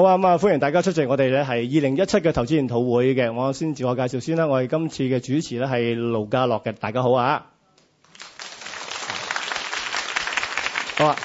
好啊，咁啊，歡迎大家出席我哋咧係二零一七嘅投資研討會嘅，我先自我介紹先啦，我哋今次嘅主持咧係盧家樂嘅，大家好啊。好啊。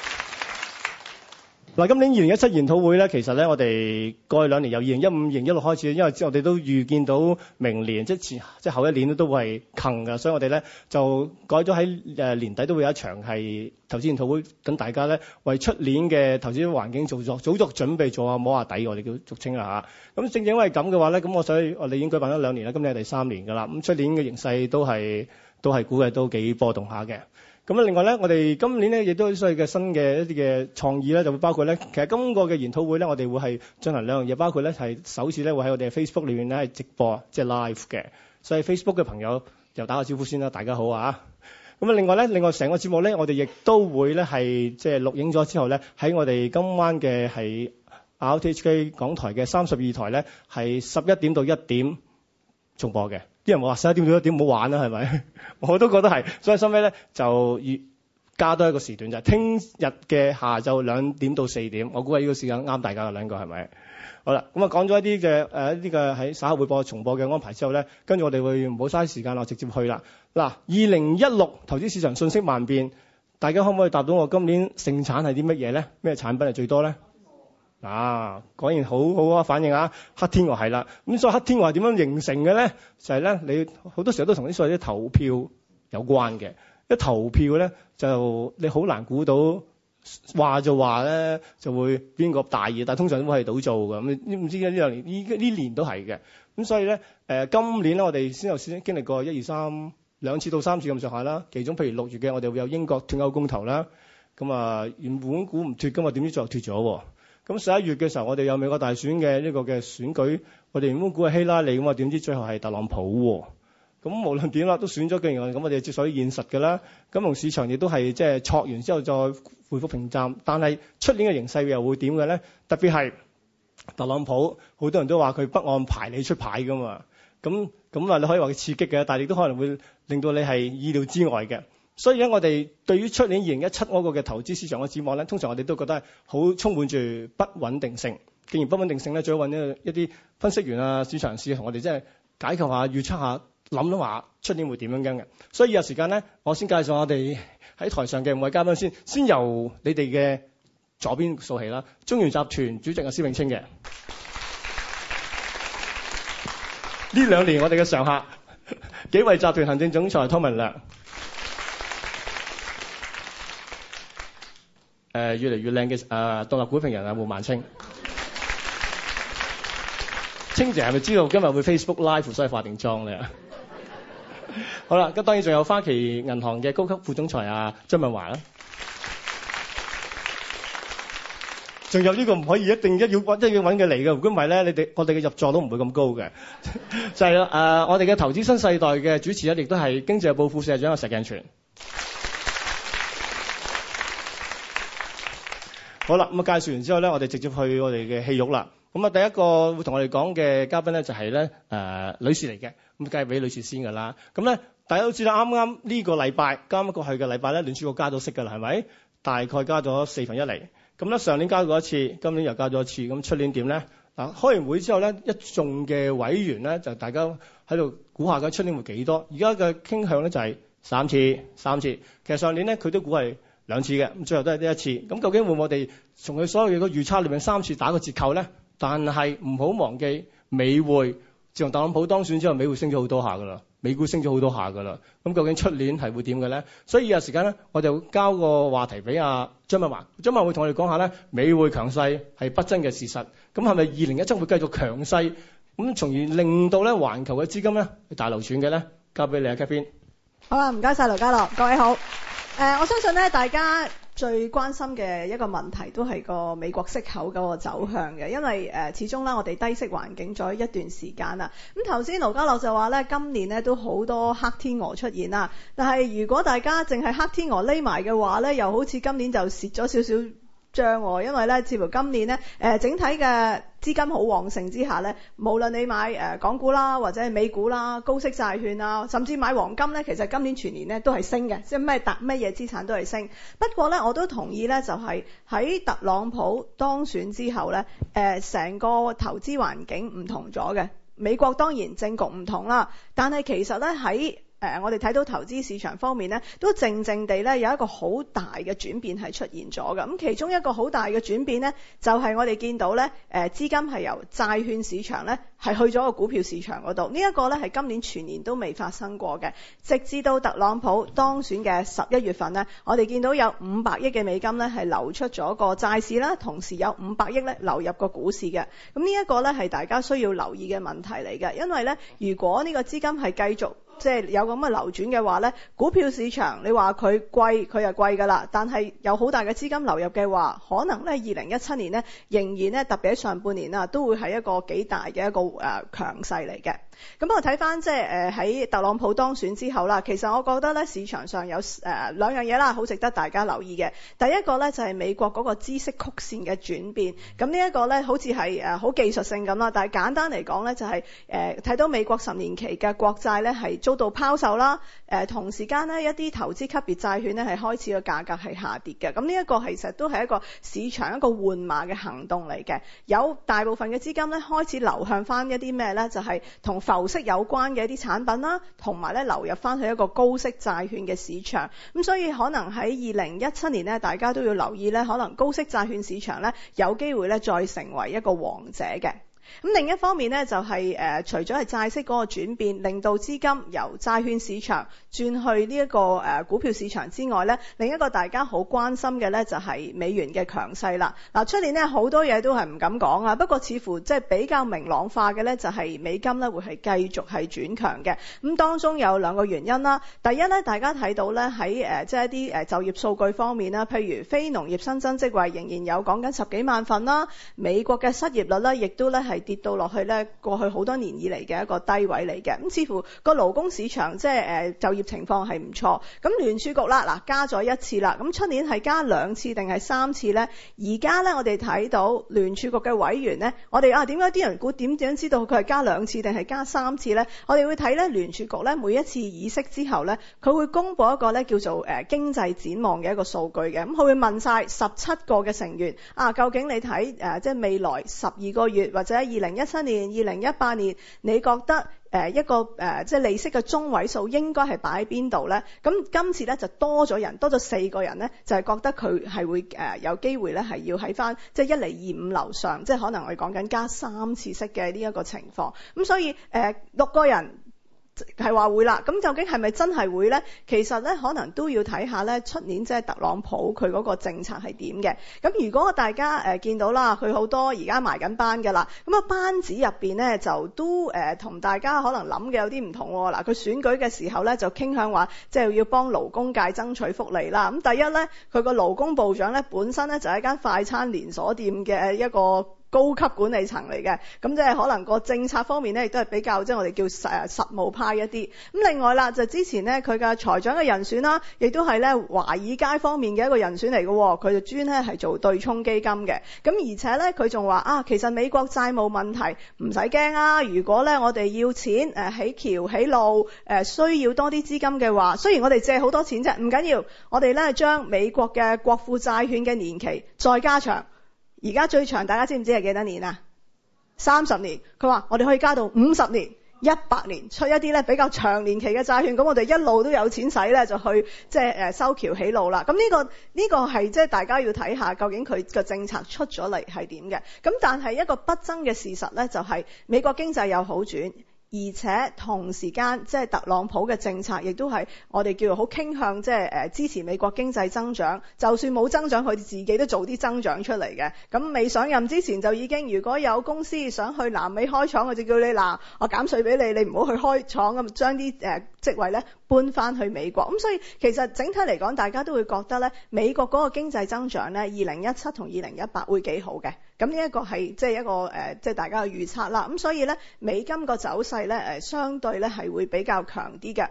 嗱，今年二零一七研討會咧，其實咧，我哋過去兩年由二零一五、二零一六開始，因為我哋都預見到明年即前即後一年咧都會係近㗎。所以我哋咧就改咗喺年底都會有一場係投資研討會，等大家咧為出年嘅投資環境做作早作準備，做下摸下底。我哋叫俗稱啦。咁正正因為咁嘅話咧，咁我所以我哋已經舉辦咗兩年啦，今年係第三年㗎啦。咁出年嘅形勢都係都係估計都幾波動下嘅。咁啊，另外咧，我哋今年咧亦都需要嘅新嘅一啲嘅創意咧，就會包括咧，其實今個嘅研討會咧，我哋會係進行兩樣嘢，包括咧係首次咧會喺我哋 Facebook 裏面咧係直播，即係 live 嘅。所以 Facebook 嘅朋友就打個招呼先啦，大家好啊！咁啊，另外咧，另外成個節目咧，我哋亦都會咧係即係錄影咗之後咧，喺我哋今晚嘅係 RTHK 港台嘅三十二台咧，係十一點到一點重播嘅。啲人話：十一點到一點唔好玩啦，係咪？我都覺得係，所以收尾咧就加多一個時段，就係聽日嘅下晝兩點到四點。我估計呢個時間啱大家兩個，係咪？好啦，咁啊講咗一啲嘅誒一啲嘅喺稍後會播重播嘅安排之後咧，跟住我哋會唔好嘥時間，我直接去啦嗱。二零一六投資市場瞬息萬變，大家可唔可以答到我今年盛產係啲乜嘢咧？咩產品係最多咧？啊，果然好好啊！反應啊，黑天鵝係啦。咁所以黑天鵝係點樣形成嘅咧？就係、是、咧，你好多時候都同啲所謂啲投票有關嘅。一投票咧，就你好難估到話就話咧，就會邊個大意。但係通常都係賭做㗎。唔唔知呢兩年呢呢年都係嘅。咁所以咧、呃，今年咧，我哋先有先經歷過一二三兩次到三次咁上下啦。其中譬如六月嘅，我哋會有英國脱歐公投啦。咁啊，原本估唔脱，嘅嘛，點知最後脱咗喎？咁十一月嘅時候，我哋有美國大選嘅呢個嘅選舉，我哋原本估係希拉里咁啊，點知最後係特朗普喎、哦？咁無論點啦，都選咗嘅原來，咁我哋接受啲現實㗎啦。金融市場亦都係即係挫完之後再恢復平站。但係出年嘅形勢又會點嘅咧？特別係特朗普，好多人都話佢不按牌理出牌㗎嘛。咁咁啊，你可以話佢刺激嘅，但係亦都可能會令到你係意料之外嘅。所以咧，我哋對於出年二零一七嗰個嘅投資市場嘅展望咧，通常我哋都覺得好充滿住不穩定性。既然不穩定性咧，最好揾一啲分析員啊、市場人士同我哋即係解構下、預測下、諗下出年會點樣嘅。所以有時間咧，我先介紹我哋喺台上嘅五位嘉賓先，先由你哋嘅左邊數起啦。中原集團主席阿施永清嘅，呢兩、嗯、年我哋嘅常客，紀惠集團行政總裁湯文亮。誒、呃、越嚟越靚嘅誒獨立股評人啊，胡孟青， 清姐係咪知道今日會 Facebook Live，所以化定妝咧？ 好啦，咁當然仲有花旗銀行嘅高級副總裁啊張文華啦，仲有呢個唔可以，一定要找，一定要，一要揾佢嚟嘅，如果唔係咧，你哋我哋嘅入座都唔會咁高嘅， 就係、是、啦。誒、呃，我哋嘅投資新世代嘅主持咧，亦都係經濟日報副社長啊石鏡泉。好啦，咁啊介紹完之後咧，我哋直接去我哋嘅戲肉啦。咁啊，第一個會同我哋講嘅嘉賓咧，就係、是、咧、呃、女士嚟嘅。咁計俾女士先㗎啦。咁、嗯、咧，大家都知啦，啱啱呢個禮拜，啱啱過去嘅禮拜咧，聯儲局加咗息㗎啦，係咪？大概加咗四分一厘。咁、嗯、咧，上年加咗一次，今年又加咗一次。咁出年點咧？嗱，開完會之後咧，一眾嘅委員咧，就大家喺度估下嘅出年會幾多？而家嘅傾向咧就係三次，三次。其實上年咧，佢都估係。兩次嘅，咁最後都係呢一次。咁究竟會唔會我哋從佢所有嘅個預測裡面三次打個折扣咧？但係唔好忘記美匯，自從特朗普當選之後，美匯升咗好多下噶啦，美股升咗好多下噶啦。咁究竟出年係會點嘅咧？所以有時間咧，我就交個話題俾阿張敏華，張敏華會同我哋講下咧，美匯強勢係不爭嘅事實。咁係咪二零一七會繼續強勢？咁從而令到咧環球嘅資金咧大流轉嘅咧？交俾你阿 Kevin。好啦，唔該晒劉家樂，各位好。誒、呃，我相信咧，大家最關心嘅一個問題都係個美國息口嗰個走向嘅，因為誒、呃，始終啦，我哋低息環境咗一段時間啦。咁頭先盧家樂就話咧，今年咧都好多黑天鵝出現啦。但係如果大家淨係黑天鵝匿埋嘅話咧，又好似今年就蝕咗少少賬喎、哦，因為咧，似乎今年咧，誒、呃，整體嘅。資金好旺盛之下呢，無論你買誒港股啦，或者美股啦、高息債券啊，甚至買黃金呢，其實今年全年呢都係升嘅，即係咩特乜嘢資產都係升。不過呢，我都同意呢，就係喺特朗普當選之後呢，誒成個投資環境唔同咗嘅。美國當然政局唔同啦，但係其實呢，喺呃、我哋睇到投資市場方面呢，都靜靜地呢，有一個好大嘅轉變係出現咗嘅。咁其中一個好大嘅轉變呢，就係、是、我哋見到呢呃、資金係由債券市場呢，係去咗個股票市場嗰度。呢、這、一個呢，係今年全年都未發生過嘅，直至到特朗普當選嘅十一月份呢，我哋見到有五百億嘅美金呢，係流出咗個債市啦，同時有五百億呢流入個股市嘅。咁呢一個呢，係大家需要留意嘅問題嚟嘅，因為呢，如果呢個資金係繼續即係有咁嘅流轉嘅話呢，股票市場，你話佢貴，佢係貴㗎喇。但係有好大嘅資金流入嘅話，可能呢二零一七年呢，仍然呢特別喺上半年啊，都會係一個幾大嘅一個強勢嚟嘅。呃咁我睇翻即係誒喺特朗普當選之後啦，其實我覺得咧市場上有誒兩樣嘢啦，好值得大家留意嘅。第一個咧就係美國嗰個孳息曲線嘅轉變。咁呢一個咧好似係好技術性咁啦，但係簡單嚟講咧就係誒睇到美國十年期嘅國債咧係遭到拋售啦。同時間呢，一啲投資級別債券咧係開始個價格係下跌嘅。咁呢一個係，其實都係一個市場一個換馬嘅行動嚟嘅，有大部分嘅資金咧開始流向翻一啲咩咧就係同，浮息有關嘅一啲產品啦，同埋咧流入翻去一個高息債券嘅市場，咁所以可能喺二零一七年咧，大家都要留意咧，可能高息債券市場咧有機會咧再成為一個王者嘅。咁另一方面呢，就係、是呃、除咗係債息嗰個轉變，令到資金由債券市場轉去呢、這、一個、呃、股票市場之外呢，另一個大家好關心嘅呢，就係、是、美元嘅強勢啦。嗱、啊，出年呢，好多嘢都係唔敢講啊，不過似乎即係比較明朗化嘅呢，就係、是、美金呢會係繼續係轉強嘅。咁、嗯、當中有兩個原因啦，第一呢，大家睇到呢，喺即係一啲就業數據方面啦，譬如非農業新增職位仍然有講緊十幾萬份啦，美國嘅失業率呢，亦都呢。係。係跌到落去咧，過去好多年以嚟嘅一個低位嚟嘅。咁似乎個勞工市場即係、誒、就業情況係唔錯。咁聯儲局啦，嗱加咗一次啦。咁出年係加兩次定係三次呢？而家呢，我哋睇到聯儲局嘅委員呢，我哋啊，點解啲人估點點知道佢係加兩次定係加三次呢？我哋會睇呢，聯儲局呢，每一次議息之後呢，佢會公布一個呢叫做誒經濟展望嘅一個數據嘅。咁佢會問曬十七個嘅成員啊，究竟你睇、誒、即係未來十二個月或者？二零一七年、二零一八年，你覺得誒、呃、一個誒、呃、即係利息嘅中位數應該係擺喺邊度咧？咁今次咧就多咗人，多咗四個人咧，就係覺得佢係會誒、呃、有機會咧，係要喺翻即係一零二五樓上，即係可能我哋講緊加三次息嘅呢一個情況。咁所以誒、呃、六個人。係話會啦，咁究竟係咪真係會呢？其實呢，可能都要睇下呢出年即係特朗普佢嗰個政策係點嘅。咁如果大家、呃、見到啦，佢好多而家埋緊班嘅啦，咁啊班子入面呢，就都同、呃、大家可能諗嘅有啲唔同、啊。嗱，佢選舉嘅時候呢，就傾向話，即係要幫勞工界爭取福利啦。咁、嗯、第一呢，佢個勞工部長呢，本身呢，就係間快餐連鎖店嘅一個。高級管理層嚟嘅，咁即係可能個政策方面呢，亦都係比較即係、就是、我哋叫實實務派一啲。咁另外啦，就是、之前呢，佢嘅財長嘅人選啦，亦都係呢華爾街方面嘅一個人選嚟嘅，佢就專呢係做對沖基金嘅。咁而且呢，佢仲話啊，其實美國債務問題唔使驚啊。如果呢，我哋要錢誒、啊，起橋起路誒、啊，需要多啲資金嘅話，雖然我哋借好多錢啫，唔緊要，我哋呢，將美國嘅國庫債券嘅年期再加長。而家最長，大家知唔知係幾多年啊？三十年，佢話我哋可以加到五十年、一百年，出一啲咧比較長年期嘅債券，咁我哋一路都有錢使咧，就去即係誒修橋起路啦。咁、呢、呢個呢、呢個係即係大家要睇下，究竟佢個政策出咗嚟係點嘅。咁但係一個不爭嘅事實咧、就係，就係美國經濟有好轉。而且同時間，即係特朗普嘅政策，亦都係我哋叫做好傾向，即係誒支持美國經濟增長。就算冇增長，佢哋自己都做啲增長出嚟嘅。咁未上任之前就已經，如果有公司想去南美開廠，我就叫你嗱，我減稅俾你，你唔好去開廠咁，將啲誒職位咧。搬翻去美國，咁所以其實整體嚟講，大家都會覺得呢，美國嗰個經濟增長呢，二零一七同二零一八會幾好嘅，咁呢、即係、一個係即係一個誒，即、呃、係、即係、大家嘅預測啦。咁所以呢，美金個走勢呢，誒、呃，相對呢，係會比較強啲嘅。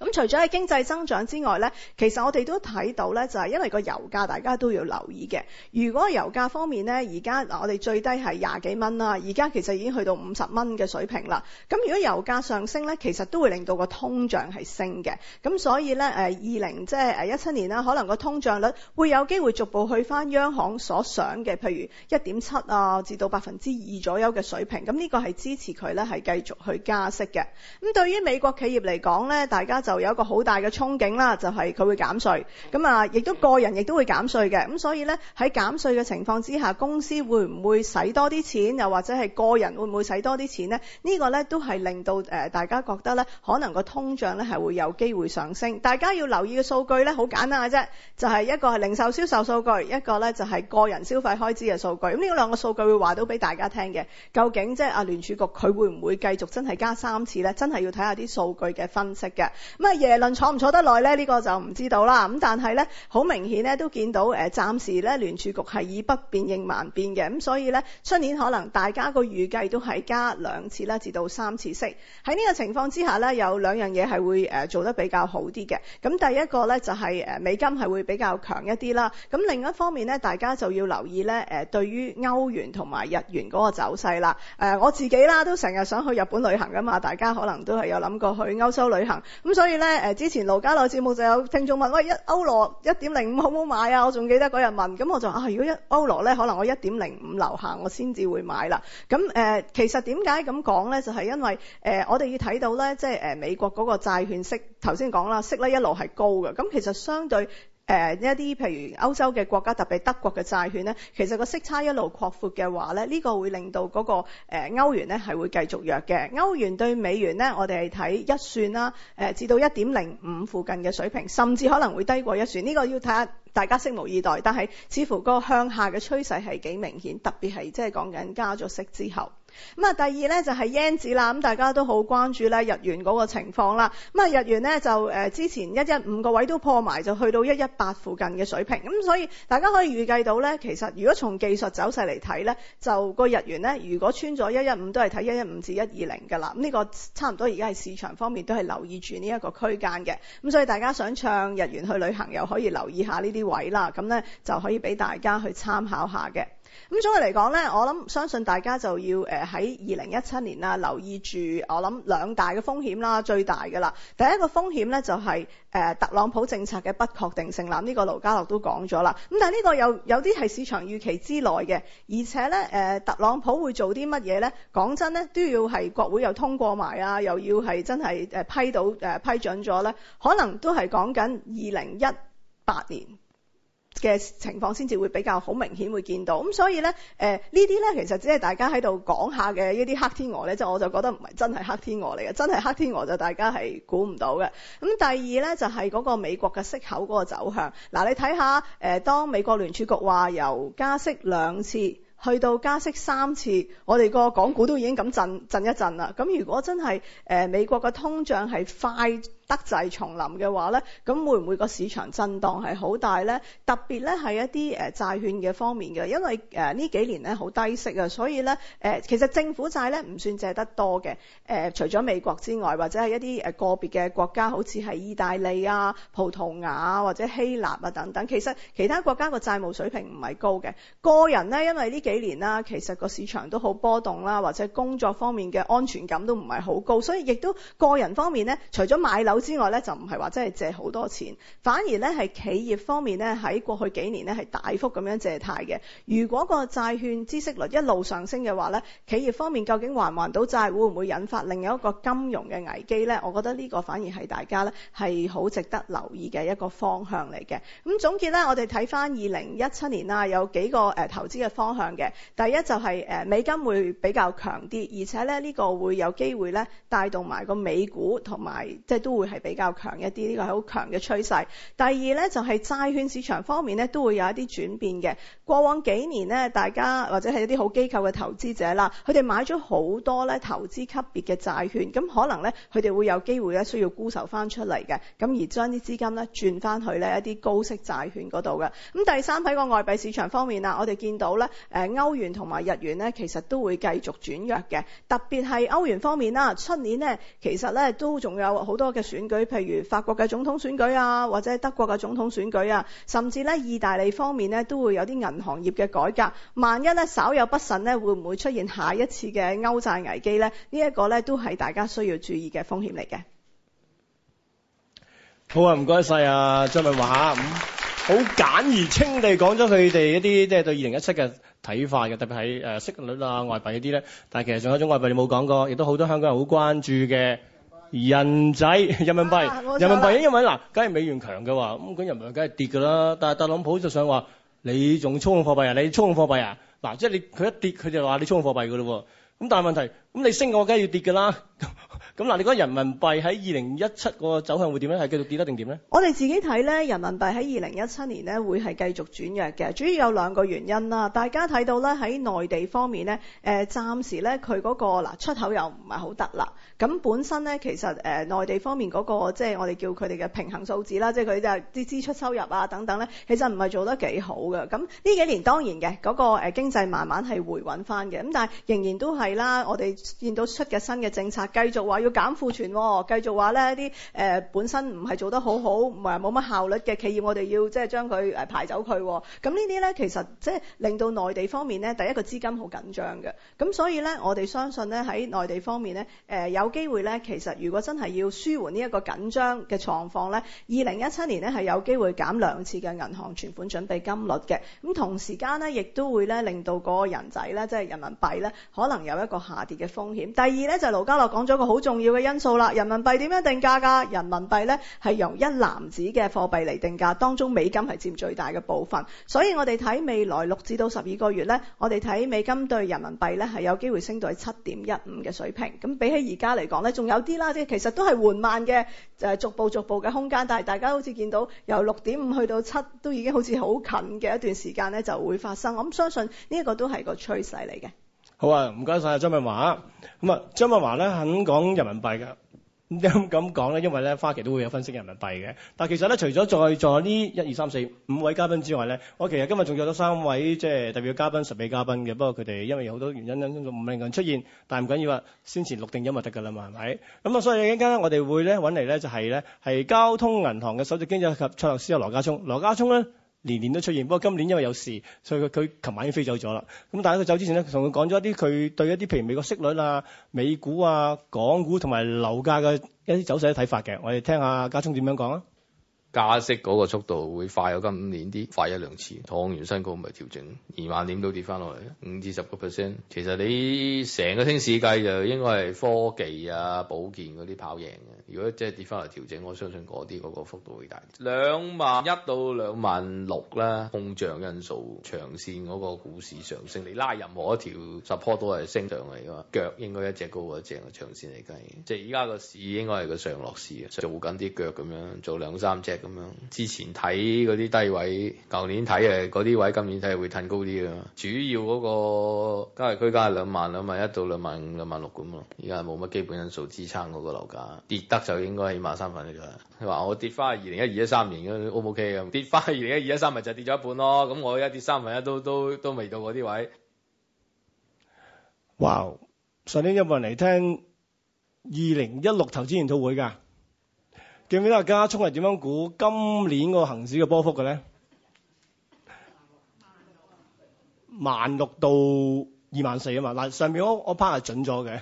咁除咗喺經濟增長之外呢，其實我哋都睇到呢，就係、是、因為個油價，大家都要留意嘅。如果油價方面呢，而家我哋最低係廿幾蚊啦，而家其實已經去到五十蚊嘅水平啦。咁如果油價上升呢，其實都會令到個通脹係升嘅。咁所以呢，誒二零即係一七年啦，可能個通脹率會有機會逐步去翻央，央行所想嘅，譬如一點七啊，至到百分之二左右嘅水平。咁呢個係支持佢呢，係繼續去加息嘅。咁對於美國企業嚟講呢，大家就就有一個好大嘅憧憬啦，就係佢會減稅，咁啊，亦都個人亦都會減稅嘅，咁所以呢，喺減稅嘅情況之下，公司會唔會使多啲錢，又或者係個人會唔會使多啲錢呢？呢個呢，都係令到誒大家覺得呢，可能個通脹呢係會有機會上升。大家要留意嘅數據呢，好簡單嘅啫，就係一個係零售銷售數據，一個呢就係個人消費開支嘅數據。咁呢兩個數據會話到俾大家聽嘅，究竟即係阿聯儲局佢會唔會繼續真係加三次呢？真係要睇下啲數據嘅分析嘅。咁啊，耶倫坐唔坐得耐呢？呢、呢個就唔知道啦。咁但係呢，好明顯呢都見到暫時呢聯儲局係以不變應萬變嘅。咁所以呢，出年可能大家個預計都係加兩次啦，至到三次息。喺呢個情況之下呢，有兩樣嘢係會做得比較好啲嘅。咁第一個呢，就係、是、美金係會比較強一啲啦。咁另一方面呢，大家就要留意呢對於歐元同埋日元嗰個走勢啦、呃。我自己啦，都成日想去日本旅行㗎嘛。大家可能都係有諗過去歐洲旅行。咁所以。所以咧，誒之前盧家樂節目就有聽眾問，喂，一歐羅一點零五好唔好買啊？我仲記得嗰日問，咁我就啊，如果一歐羅咧，可能我一點零五樓下，我先至會買啦。咁誒，其實點解咁講咧？就係因為誒，我哋要睇到咧，即係誒美國嗰個債券息，頭先講啦，息咧一路係高嘅。咁其實相對。誒一啲譬如歐洲嘅國家，特別德國嘅債券呢，其實個息差一路擴闊嘅話呢，呢個會令到嗰個誒歐元呢係會繼續弱嘅。歐元對美元呢，我哋係睇一算啦，誒至到一點零五附近嘅水平，甚至可能會低過一算。呢個要睇下大家拭目以待。但係似乎個向下嘅趨勢係幾明顯，特別係即係講緊加咗息之後。咁啊，第二咧就係 yen 啦，咁大家都好關注咧日元嗰個情況啦。咁啊，日元咧就誒之前一一五個位都破埋，就去到一一八附近嘅水平。咁所以大家可以預計到咧，其實如果從技術走勢嚟睇咧，就個日元咧，如果穿咗一一五，都係睇一一五至一二零㗎啦。咁、這、呢個差唔多而家係市場方面都係留意住呢一個區間嘅。咁所以大家想唱日元去旅行，又可以留意下呢啲位啦。咁咧就可以俾大家去參考下嘅。咁總體嚟講咧，我諗相信大家就要喺二零一七年啦，留意住我諗兩大嘅風險啦，最大嘅啦。第一個風險咧就係、是呃、特朗普政策嘅不確定性，嗱、這、呢個盧家樂都講咗啦。咁但係呢個有有啲係市場預期之內嘅，而且咧、呃、特朗普會做啲乜嘢咧？講真咧，都要係國會又通過埋啊，又要係真係批到、呃、批准咗咧，可能都係講緊二零一八年。嘅情況先至會比較好明顯會見到，咁所以呢，誒、呃、呢啲呢其實只係大家喺度講下嘅一啲黑天鵝呢，即我就覺得唔係真係黑天鵝嚟嘅，真係黑天鵝就大家係估唔到嘅。咁、嗯、第二呢，就係、是、嗰個美國嘅息口嗰個走向。嗱、呃，你睇下、呃、當美國聯儲局話由加息兩次去到加息三次，我哋個港股都已經咁震震一震啦。咁、嗯、如果真係、呃、美國嘅通脹係快。德債叢林嘅話呢，咁會唔會個市場震盪係好大呢？特別呢係一啲誒債券嘅方面嘅，因為誒呢幾年呢好低息啊，所以呢，誒、呃、其實政府債呢唔算借得多嘅。誒、呃、除咗美國之外，或者係一啲誒個別嘅國家，好似係意大利啊、葡萄牙啊或者希臘啊等等，其實其他國家個債務水平唔係高嘅。個人呢，因為呢幾年啦，其實個市場都好波動啦，或者工作方面嘅安全感都唔係好高，所以亦都個人方面呢，除咗買樓。之外咧，就唔係話真係借好多錢，反而咧係企業方面咧喺過去幾年咧係大幅咁樣借貸嘅。如果個債券孳息率一路上升嘅話咧，企業方面究竟還唔還到債，會唔會引發另一個金融嘅危機咧？我覺得呢個反而係大家咧係好值得留意嘅一個方向嚟嘅。咁總結咧，我哋睇翻二零一七年啦，有幾個誒、呃、投資嘅方向嘅。第一就係、是、誒、呃、美金會比較強啲，而且咧呢、這個會有機會咧帶動埋個美股同埋即係都會。係比較強一啲，呢個係好強嘅趨勢。第二呢，就係債券市場方面呢，都會有一啲轉變嘅。過往幾年呢，大家或者係一啲好機構嘅投資者啦，佢哋買咗好多呢投資級別嘅債券，咁可能呢，佢哋會有機會咧需要沽售翻出嚟嘅，咁而將啲資金呢轉翻去呢一啲高息債券嗰度嘅。咁第三喺個外幣市場方面啦，我哋見到呢誒歐元同埋日元呢，其實都會繼續轉弱嘅，特別係歐元方面啦，出年呢，其實呢都仲有好多嘅選。選舉，譬如法國嘅總統選舉啊，或者德國嘅總統選舉啊，甚至咧意大利方面呢，都會有啲銀行業嘅改革。萬一咧稍有不慎呢，會唔會出現下一次嘅歐債危機咧？呢、這、一個咧都係大家需要注意嘅風險嚟嘅。好啊，唔該晒啊，張文華吓，好簡而清地講咗佢哋一啲即係對二零一七嘅睇法嘅，特別係誒息率啊、外幣一啲咧。但係其實仲有一種外幣你冇講過，亦都好多香港人好關注嘅。人仔，人民幣，啊、人民幣，因為嗱，梗係美元強嘅話，咁咁人民幣梗係跌嘅啦。但係特朗普就想話：「你仲操控貨幣啊？你操控貨幣啊？嗱，即係你佢一跌，佢就話：「你操控貨幣嘅咯。咁但係問題，咁你升我梗係要跌嘅啦。咁嗱，你覺得人民幣喺二零一七個走向會點咧？係繼續跌得定點咧？我哋自己睇咧，人民幣喺二零一七年咧會係繼續轉弱嘅，主要有兩個原因啦。大家睇到咧喺內地方面咧、呃，暫時咧佢嗰個嗱出口又唔係好得啦。咁本身咧其實、呃、內地方面嗰、那個即係、就是、我哋叫佢哋嘅平衡數字啦，即係佢就啲、是、支出收入啊等等咧，其實唔係做得幾好嘅。咁呢幾年當然嘅嗰、那個、呃、經濟慢慢係回穩翻嘅，咁但係仍然都係啦，我哋見到出嘅新嘅政策繼續話要。減庫存、哦，繼續話呢啲誒、呃、本身唔係做得好好，唔係冇乜效率嘅企業，我哋要即係將佢誒排走佢、哦。咁呢啲呢，其實即係令到內地方面呢，第一個資金好緊張嘅。咁所以呢，我哋相信呢，喺內地方面呢，誒、呃、有機會呢，其實如果真係要舒緩呢一個緊張嘅狀況呢，二零一七年呢，係有機會減兩次嘅銀行存款準備金率嘅。咁、嗯、同時間呢，亦都會呢，令到嗰個人仔呢，即係人民幣呢，可能有一個下跌嘅風險。第二呢，就係、是、盧嘉樂講咗一個好重。重要嘅因素啦，人民幣點樣定價㗎？人民幣呢係由一籃子嘅貨幣嚟定價，當中美金係佔最大嘅部分。所以我哋睇未來六至到十二個月呢，我哋睇美金對人民幣呢係有機會升到係七點一五嘅水平。咁比起而家嚟講呢，仲有啲啦，即係其實都係緩慢嘅，逐步逐步嘅空間。但係大家好似見到由六點五去到七，都已經好似好近嘅一段時間呢就會發生。我諗相信呢個都係個趨勢嚟嘅。好啊，唔該晒啊張敏華咁啊張敏華咧肯講人民幣㗎，點解咁講咧，因為咧花旗都會有分析人民幣嘅。但其實咧，除咗在座呢一二三四五位嘉賓之外咧，我其實今日仲約咗三位即係特別嘉賓、神秘嘉賓嘅。不過佢哋因為有好多原因咧，五零零出現，但係唔緊要啊，先前錄定咗咪得㗎啦嘛係咪？咁啊，所以一陣間咧我哋會咧揾嚟咧就係咧係交通銀行嘅首席經濟及策略師啊羅家聰，羅家聰咧。年年都出現，不過今年因為有事，所以佢佢琴晚已經飛走咗啦。咁但係佢走之前呢，同我講咗一啲佢對一啲譬如美國息率啊、美股啊、港股同埋樓價嘅一啲走勢嘅睇法嘅，我哋聽下家聰點樣講啊。加息嗰個速度會快咗，今年啲，快一兩次，燙完新高咪調整，二萬點都跌翻落嚟，五至十個 percent。其實你成個升市計就應該係科技啊、保健嗰啲跑贏嘅。如果即係跌翻嚟調整，我相信嗰啲嗰個幅度會大啲。兩萬一到兩萬六啦，通脹因素、長線嗰個股市上升，你拉任何一條 support 都係升上嚟㗎嘛，腳應該一隻高一隻長線嚟計，即係而家個市應該係個上落市做緊啲腳咁樣，做兩三隻。咁樣之前睇嗰啲低位，舊年睇誒嗰啲位，今年睇會褪高啲咯。主要嗰個交易區間係兩萬，兩萬一到兩萬五、兩萬六咁咯。依家冇乜基本因素支撐嗰個樓價，跌得就應該起碼三分一。佢話我跌翻去二零一二一三年嗰啲 OK 咁，跌翻去二零一二一三咪就跌咗一半咯。咁我一跌三分一都都都未到嗰啲位。哇！上年一陣嚟聽二零一六投資研討會㗎。記唔記得阿家聰係點樣估今年個行市嘅波幅嘅咧？萬六到二萬四啊嘛，嗱，上邊嗰 part 係準咗嘅，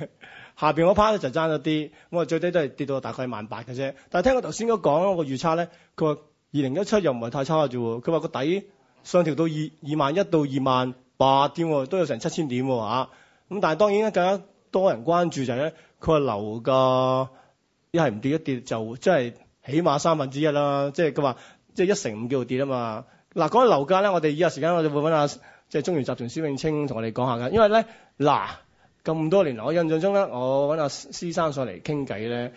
下邊嗰 part 咧就爭咗啲，我話最低都係跌到大概萬八嘅啫。但係聽我頭先都講，我個預測咧，佢話二零一七又唔係太差啫喎。佢話個底上調到二二萬一到二萬八添，都有成七千點喎。咁但係當然咧，更加多人關注就係咧，佢話樓價。一係唔跌，一跌就即係起碼三分之一啦。即係佢話，即、就、係、是、一成五叫做跌啊嘛。嗱、啊，講起樓價咧，我哋依家時間我哋會揾阿即係中原集團蕭永清同我哋講下嘅。因為咧，嗱、啊、咁多年嚟，我印象中咧，我揾阿師生上嚟傾偈咧，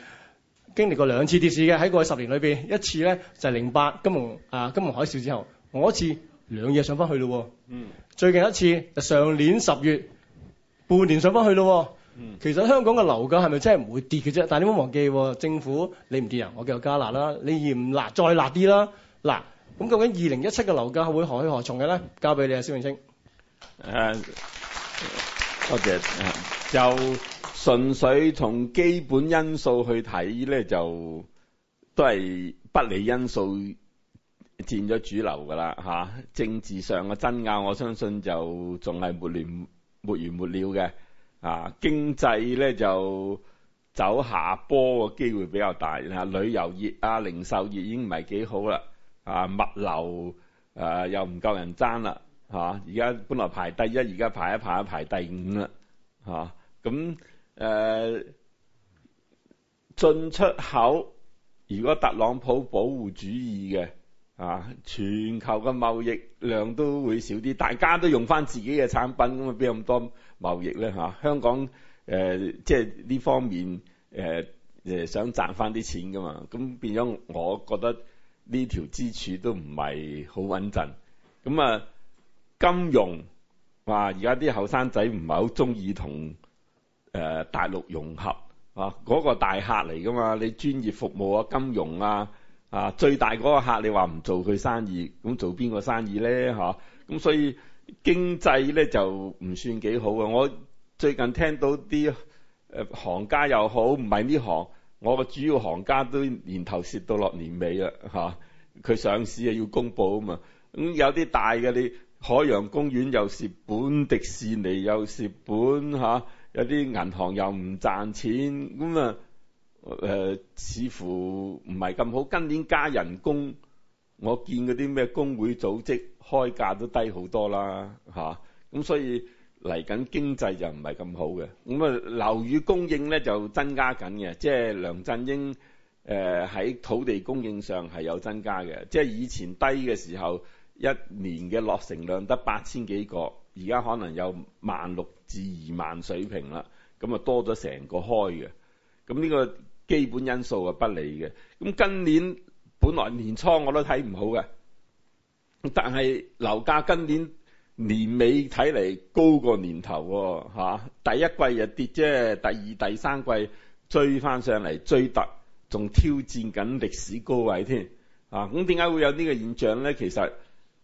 經歷過兩次跌市嘅喺過去十年裏邊，一次咧就係零八金融啊金融海嘯之後，我一次兩日上翻去咯。嗯，最近一次就是、上年十月半年上翻去咯。嗯、其實香港嘅樓價係咪真係唔會跌嘅啫？但你唔好忘記、哦，政府你唔跌啊，我叫加辣啦，你嫌辣再辣啲啦，嗱，咁究竟二零一七嘅樓價會何去何從嘅咧？交俾你啊，蕭永清。誒、嗯，多謝，謝。就純粹從基本因素去睇咧，就都係不利因素佔咗主流㗎啦，嚇、啊。政治上嘅爭拗，我相信就仲係沒完沒完沒了嘅。啊，經濟咧就走下坡嘅機會比較大，嚇，旅遊業啊、零售業已經唔係幾好啦，啊，物流誒、啊、又唔夠人爭啦，嚇而家本來排第一，而家排一排一排第五啦，嚇咁誒進出口如果特朗普保護主義嘅。啊！全球嘅貿易量都會少啲，大家都用翻自己嘅產品，咁啊邊有咁多貿易咧嚇、啊？香港誒、呃，即係呢方面誒誒、呃呃，想賺翻啲錢噶嘛，咁變咗，我覺得呢條支柱都唔係好穩陣。咁啊，金融哇，而家啲後生仔唔係好中意同誒大陸融合啊，嗰、嗰個大客嚟噶嘛，你專業服務啊，金融啊。啊！最大嗰個客，你話唔做佢生意，咁做邊個生意咧？嚇、啊！咁所以經濟咧就唔算幾好啊！我最近聽到啲、呃、行家又好，唔係呢行，我個主要行家都年頭蝕到落年尾啦，佢、啊、上市啊要公佈啊嘛，咁有啲大嘅你海洋公園又蝕本，迪士尼又蝕本、啊、有啲銀行又唔賺錢，咁啊～誒、呃、似乎唔係咁好，今年加人工，我見嗰啲咩工會組織開價都低好多啦，吓、啊，咁所以嚟緊經濟就唔係咁好嘅。咁啊樓宇供應咧就增加緊嘅，即係梁振英誒喺、呃、土地供應上係有增加嘅。即係以前低嘅時候，一年嘅落成量得八千幾個，而家可能有萬六至二萬水平啦，咁啊多咗成個開嘅。咁呢、呢個。基本因素係不利嘅，咁今年本來年初我都睇唔好嘅，但係樓價今年年尾睇嚟高過年頭，嚇、啊、第一季又跌啫，第二、第三季追翻上嚟，追突仲挑戰緊歷史高位添啊！咁點解會有呢個現象咧？其實、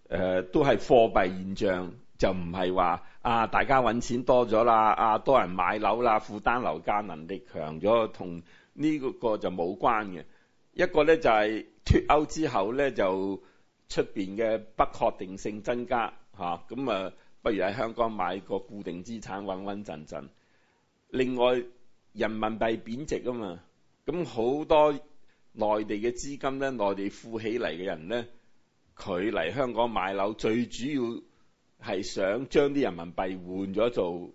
呃、都係貨幣現象，就唔係話啊大家揾錢多咗啦，啊多人買樓啦，負擔樓價能力強咗同。呢個個就冇關嘅，一個咧就係脫歐之後咧就出邊嘅不確定性增加嚇，咁啊不如喺香港買個固定資產穩穩陣陣。另外人民幣貶值啊嘛，咁好多內地嘅資金咧，內地富起嚟嘅人咧，佢嚟香港買樓最主要係想將啲人民幣換咗做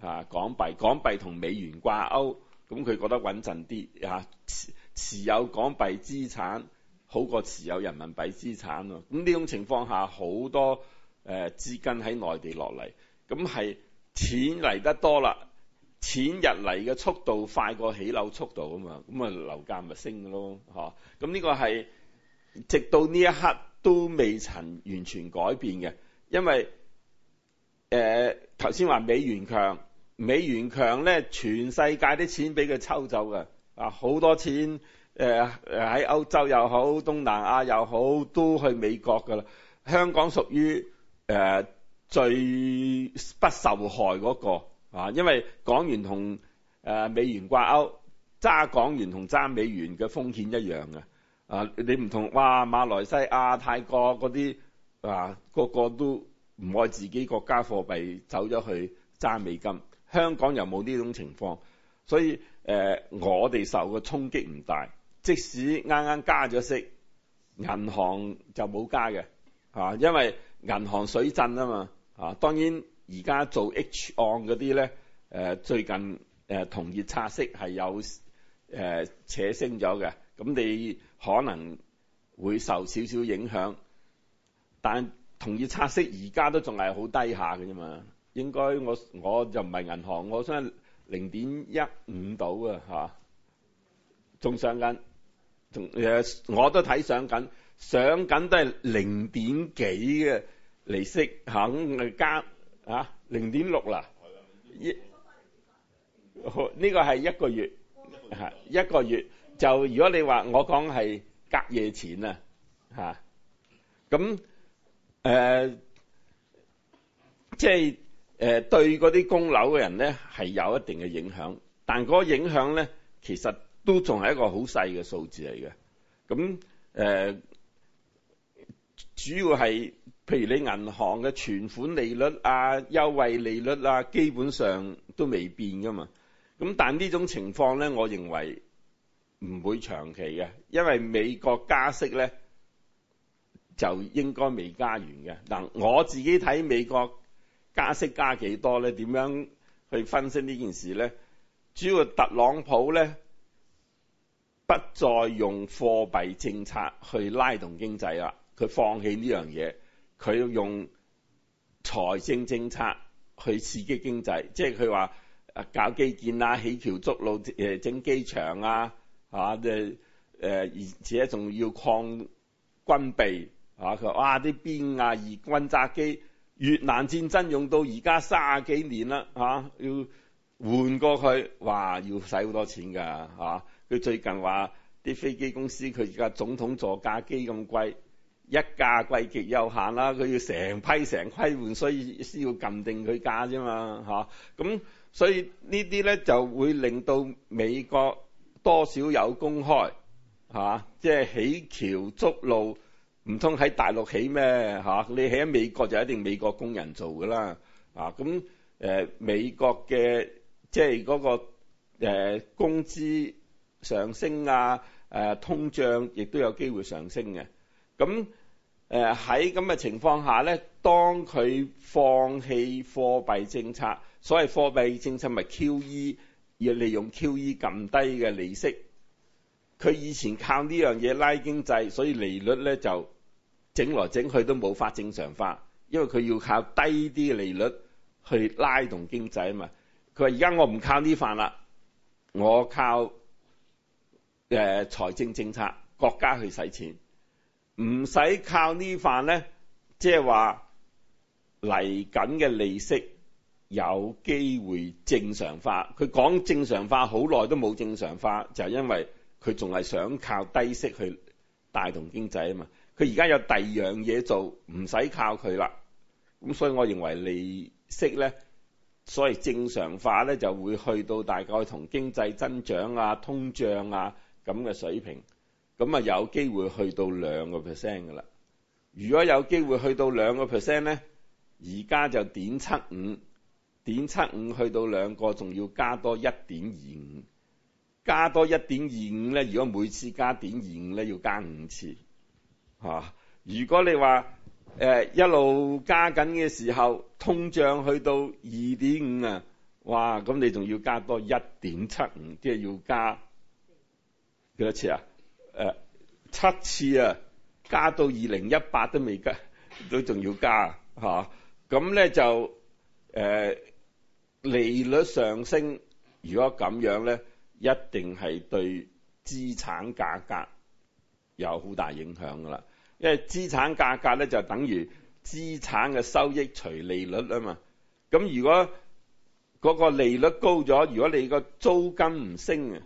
嚇港幣，港幣同美元掛鈎。咁佢覺得穩陣啲吓，持有港幣資產好過持有人民幣資產喎。咁呢種情況下，好多誒資金喺內地落嚟，咁係錢嚟得多啦，錢入嚟嘅速度快過起樓速度啊嘛，咁啊樓價咪升咯，吓。咁呢個係直到呢一刻都未曾完全改變嘅，因為誒頭先話美元強。美元強咧，全世界啲錢俾佢抽走嘅啊！好多錢誒誒喺歐洲又好，東南亞又好，都去美國噶啦。香港屬於誒、呃、最不受害嗰個啊，因為港元同誒美元掛鈎，揸港元同揸美元嘅風險一樣嘅啊！你唔同哇，馬來西亞、泰國嗰啲啊，個個都唔愛自己國家貨幣，走咗去揸美金。香港又冇呢種情況，所以誒、呃、我哋受嘅衝擊唔大。即使啱啱加咗息，銀行就冇加嘅，啊，因為銀行水浸啊嘛。啊，當然而家做 H 按嗰啲咧，誒、啊、最近誒、啊、同業拆息係有誒扯、啊、升咗嘅，咁你可能會受少少影響，但同業拆息而家都仲係好低下嘅啫嘛。應該，我我就唔係銀行，我相信零點一五度啊，嚇，仲上緊，仲誒，我都睇上緊，上緊都係零點幾嘅利息，肯加啊零點六啦，一呢個係一個月嚇、嗯，一個月、嗯、就如果你話我講係隔夜錢啊嚇，咁誒、呃、即係。誒對嗰啲供樓嘅人咧係有一定嘅影響，但嗰個影響咧其實都仲係一個好細嘅數字嚟嘅。咁誒、呃、主要係譬如你銀行嘅存款利率啊、優惠利率啊，基本上都未變㗎嘛。咁但呢種情況咧，我認為唔會長期嘅，因為美國加息咧就應該未加完嘅。嗱，我自己睇美國。加息加幾多咧？點樣去分析呢件事咧？主要特朗普咧不再用貨幣政策去拉動經濟啦，佢放棄呢樣嘢，佢要用財政政策去刺激經濟，即係佢話搞基建啦、起橋築路、整機場啊，啊而且仲要擴軍備，佢、啊、話哇啲邊啊二轟炸機。越南戰爭用到而家卅幾年啦，嚇、啊、要換過去哇要使好多錢㗎，嚇、啊、佢最近話啲飛機公司佢而家總統座駕機咁貴，一架貴極有限啦，佢要成批成批換，所以先要撳定佢價啫嘛，嚇、啊、咁所以這些呢啲咧就會令到美國多少有公開嚇，即、啊、係、就是、起橋築路。唔通喺大陸起咩、啊、你喺美國就一定美國工人做噶啦啊！咁、呃、美國嘅即係嗰個、呃、工資上升啊，啊通脹亦都有機會上升嘅。咁誒喺咁嘅情況下咧，當佢放棄貨幣政策，所謂貨幣政策咪 QE，要利用 QE 咁低嘅利息，佢以前靠呢樣嘢拉經濟，所以利率咧就。整來整去都冇法正常化，因為佢要靠低啲利率去拉動經濟啊嘛。佢話：而家我唔靠呢飯啦，我靠、呃、財政政策，國家去使錢，唔使靠呢飯咧，即係話嚟緊嘅利息有機會正常化。佢講正常化好耐都冇正常化，就係因為佢仲係想靠低息去帶動經濟啊嘛。佢而家有第二樣嘢做，唔使靠佢啦。咁所以，我認為利息咧，所以正常化咧，就會去到大概同經濟增長啊、通脹啊咁嘅水平。咁啊，有機會去到兩個 percent 㗎啦。如果有機會去到兩個 percent 咧，而家就點七五，點七五去到兩個，仲要多一點二五，加多一點二五，加多一點二五咧。如果每次加點二五咧，要加五次。嚇！如果你話誒、呃、一路加緊嘅時候，通脹去到二點五啊，哇！咁你仲要加多一點七五，即係要加幾多次啊？誒、呃，七次啊，加到二零一八都未加，都仲要加嚇！咁、啊、咧就誒、呃、利率上升，如果咁樣咧，一定係對資產價格有好大影響噶啦。因為資產價格咧就等於資產嘅收益除利率啊嘛，咁如果嗰個利率高咗，如果你個租金唔升啊，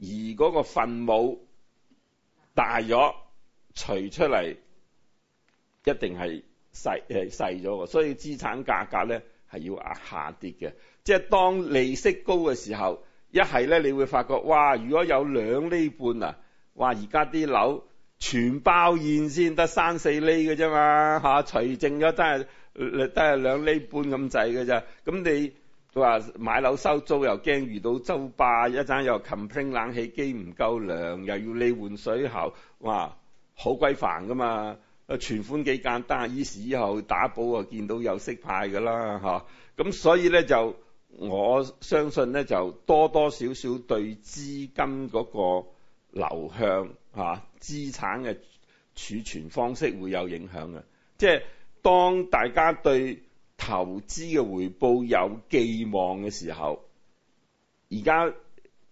而嗰個分母大咗，除出嚟一定係細咗嘅，所以資產價格咧係要壓下跌嘅。即係當利息高嘅時候，一係咧你會發覺哇，如果有兩厘半啊，哇而家啲樓。全包宴先得三四厘嘅啫嘛，隨除剩咗真係兩厘半咁滯嘅啫。咁你話、啊、買樓收租又驚遇到周霸，一陣又 complain 冷氣機唔夠涼，又要你換水喉，哇好鬼煩噶嘛！存款幾簡單，於是以後打保就又啊，見到有息派噶啦，咁所以咧就我相信咧就多多少少對資金嗰個流向。係資、啊、資產嘅儲存方式會有影響嘅，即係當大家對投資嘅回報有寄望嘅時候，而家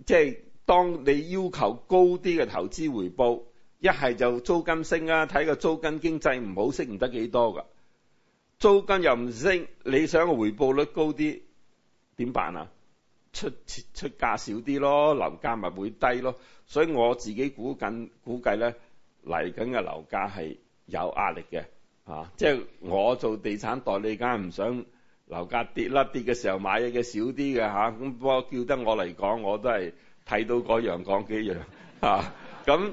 即係當你要求高啲嘅投資回報，一係就租金升呀，睇個租金經濟唔好升，唔得幾多㗎，租金又唔升，你想個回報率高啲點辦啊？出出價少啲咯，樓價咪會低咯，所以我自己估緊估計咧，嚟緊嘅樓價係有壓力嘅、啊，即係我做地產代理，梗係唔想樓價跌啦。跌嘅時候買嘢嘅少啲嘅，咁不過叫得我嚟講，我都係睇到嗰樣講幾樣咁、 啊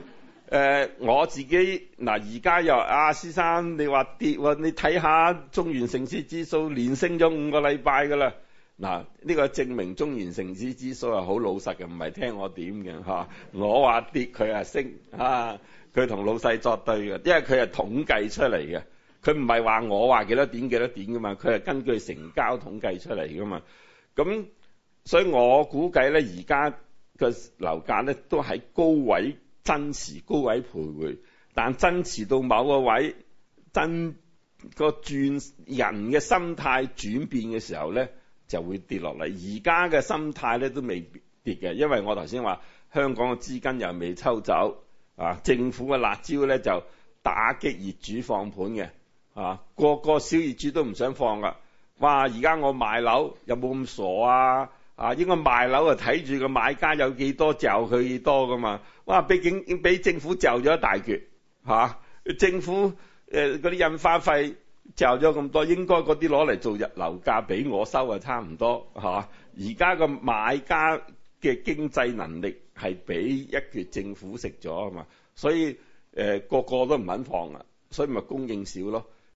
呃、我自己嗱而家又啊，先生，你話跌喎，你睇下中原城市指數連升咗五個禮拜㗎啦。嗱，呢個證明中原城市指數係好老實嘅，唔係聽我點嘅嚇。我話跌，佢啊升啊，佢同老細作對嘅，因為佢係統計出嚟嘅，佢唔係話我話幾多點幾多點噶嘛，佢係根據成交統計出嚟噶嘛。咁所以我估計咧，而家嘅樓價咧都喺高位增持、高位徘徊，但增持到某個位，增個轉人嘅心態轉變嘅時候咧。就會跌落嚟，而家嘅心態咧都未跌嘅，因為我頭先話香港嘅資金又未抽走，啊，政府嘅辣招咧就打擊業主放盤嘅，啊，個個小業主都唔想放噶，哇！而家我賣樓有冇咁傻啊？啊，應該賣樓啊，睇住個買家有幾多就佢多噶嘛，哇、啊！畢竟俾政府嚼咗一大橛，嚇、啊，政府嗰啲、呃、印花費。就咗咁多，應該嗰啲攞嚟做日樓價俾我收就啊，差唔多吓。而家個買家嘅經濟能力係俾一橛政府食咗啊嘛，所以誒、呃、個個都唔肯放啊，所以咪供應少咯。